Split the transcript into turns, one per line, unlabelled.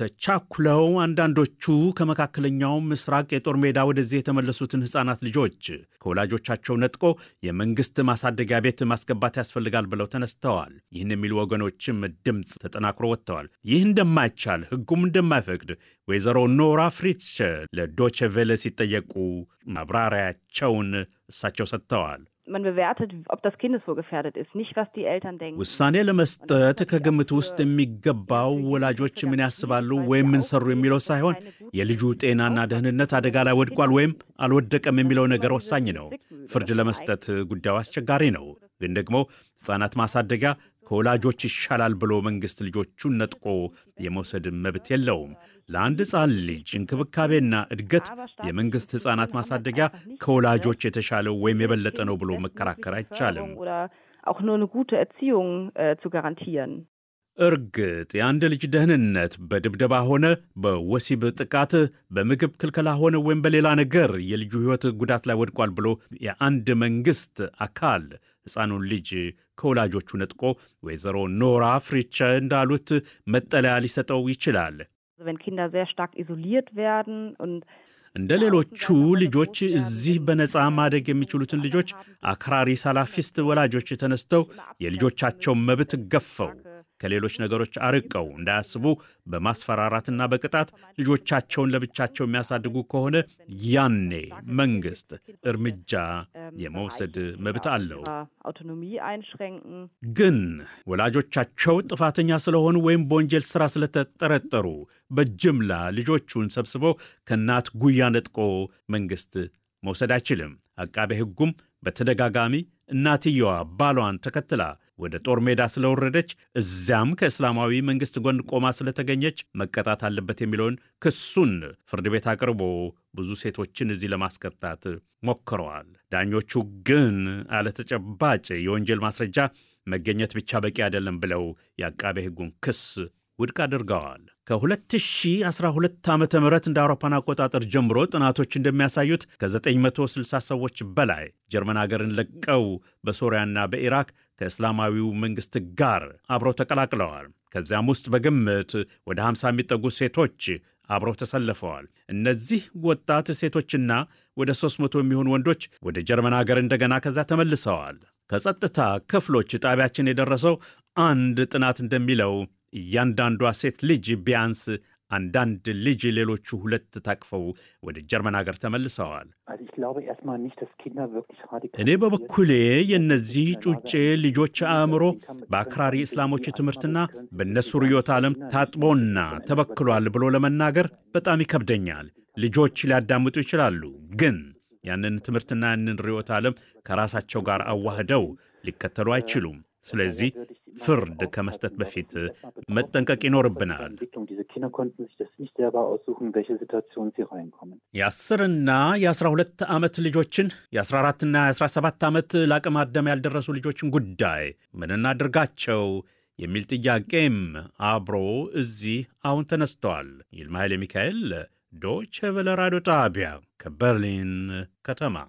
ተቻኩለው አንዳንዶቹ ከመካከለኛው ምስራቅ የጦር ሜዳ ወደዚህ የተመለሱትን ሕፃናት ልጆች ከወላጆቻቸው ነጥቆ የመንግሥት ማሳደጊያ ቤት ማስገባት ያስፈልጋል ብለው ተነስተዋል። ይህን የሚሉ ወገኖችም ድምፅ ተጠናክሮ ወጥተዋል። ይህ እንደማይቻል ሕጉም እንደማይፈቅድ ወይዘሮ ኖራ ፍሪትሽ ለዶቼ ቬለ ሲጠየቁ ማብራሪያቸውን እሳቸው ሰጥተዋል።
man bewertet, ob das kindeswohlgefährdet ist, nicht was die Eltern denken.
ውሳኔ ለመስጠት ከግምት ውስጥ የሚገባው ወላጆች ምን ያስባሉ ወይም ምን ሰሩ የሚለው ሳይሆን የልጁ ጤናና ደህንነት አደጋ ላይ ወድቋል ወይም አልወደቀም የሚለው ነገር ወሳኝ ነው። ፍርድ ለመስጠት ጉዳዩ አስቸጋሪ ነው። ግን ደግሞ ሕፃናት ማሳደጊያ ከወላጆች ይሻላል ብሎ መንግሥት ልጆቹን ነጥቆ የመውሰድ መብት የለውም። ለአንድ ሕፃን ልጅ እንክብካቤና እድገት የመንግሥት ሕፃናት ማሳደጊያ ከወላጆች የተሻለው ወይም የበለጠ ነው ብሎ መከራከር አይቻልም። እርግጥ የአንድ ልጅ ደህንነት በድብደባ ሆነ በወሲብ ጥቃት፣ በምግብ ክልከላ ሆነ ወይም በሌላ ነገር የልጁ ሕይወት ጉዳት ላይ ወድቋል ብሎ የአንድ መንግሥት አካል ሕፃኑን ልጅ ከወላጆቹ ነጥቆ ወይዘሮ ኖራ ፍሪቸ እንዳሉት መጠለያ ሊሰጠው ይችላል። እንደ ሌሎቹ ልጆች እዚህ በነፃ ማደግ የሚችሉትን ልጆች አክራሪ ሳላፊስት ወላጆች ተነስተው የልጆቻቸው መብት ገፈው ከሌሎች ነገሮች አርቀው እንዳያስቡ በማስፈራራትና በቅጣት ልጆቻቸውን ለብቻቸው የሚያሳድጉ ከሆነ ያኔ መንግስት እርምጃ የመውሰድ መብት አለው። ግን ወላጆቻቸው ጥፋተኛ ስለሆኑ ወይም በወንጀል ስራ ስለተጠረጠሩ በጅምላ ልጆቹን ሰብስበው ከእናት ጉያ ነጥቆ መንግስት መውሰድ አይችልም። አቃቤ ሕጉም በተደጋጋሚ እናትየዋ ባሏን ተከትላ ወደ ጦር ሜዳ ስለወረደች እዚያም ከእስላማዊ መንግስት ጎን ቆማ ስለተገኘች መቀጣት አለበት የሚለውን ክሱን ፍርድ ቤት አቅርቦ ብዙ ሴቶችን እዚህ ለማስቀጣት ሞክረዋል። ዳኞቹ ግን አለተጨባጭ የወንጀል ማስረጃ መገኘት ብቻ በቂ አይደለም ብለው የአቃቤ ሕጉን ክስ ውድቅ አድርገዋል። ከ2012 ዓ ም እንደ አውሮፓን አቆጣጠር ጀምሮ ጥናቶች እንደሚያሳዩት ከ960 ሰዎች በላይ ጀርመን አገርን ለቀው በሶሪያና በኢራክ ከእስላማዊው መንግሥት ጋር አብረው ተቀላቅለዋል። ከዚያም ውስጥ በግምት ወደ 50 የሚጠጉ ሴቶች አብረው ተሰልፈዋል። እነዚህ ወጣት ሴቶችና ወደ 300 የሚሆኑ ወንዶች ወደ ጀርመን አገር እንደገና ከዛ ተመልሰዋል። ከጸጥታ ክፍሎች ጣቢያችን የደረሰው አንድ ጥናት እንደሚለው እያንዳንዷ ሴት ልጅ ቢያንስ አንዳንድ ልጅ ሌሎቹ ሁለት ታቅፈው ወደ ጀርመን ሀገር ተመልሰዋል። እኔ በበኩሌ የእነዚህ ጩጬ ልጆች አእምሮ በአክራሪ እስላሞች ትምህርትና በእነሱ ርዕዮተ ዓለም ታጥቦና ተበክሏል ብሎ ለመናገር በጣም ይከብደኛል። ልጆች ሊያዳምጡ ይችላሉ፣ ግን ያንን ትምህርትና ያንን ርዕዮተ ዓለም ከራሳቸው ጋር አዋህደው ሊከተሉ አይችሉም። ስለዚህ ፍርድ ከመስጠት በፊት መጠንቀቅ ይኖርብናል። የአስርና የአስራ ሁለት ዓመት ልጆችን የአስራ አራትና የአስራ ሰባት ዓመት ለአቅመ አዳም ያልደረሱ ልጆችን ጉዳይ ምን እናድርጋቸው የሚል ጥያቄም አብሮ እዚህ አሁን ተነስተዋል። ይልማ ኃይለ ሚካኤል ዶቼ ቬለ ራዲዮ ጣቢያ ከበርሊን ከተማ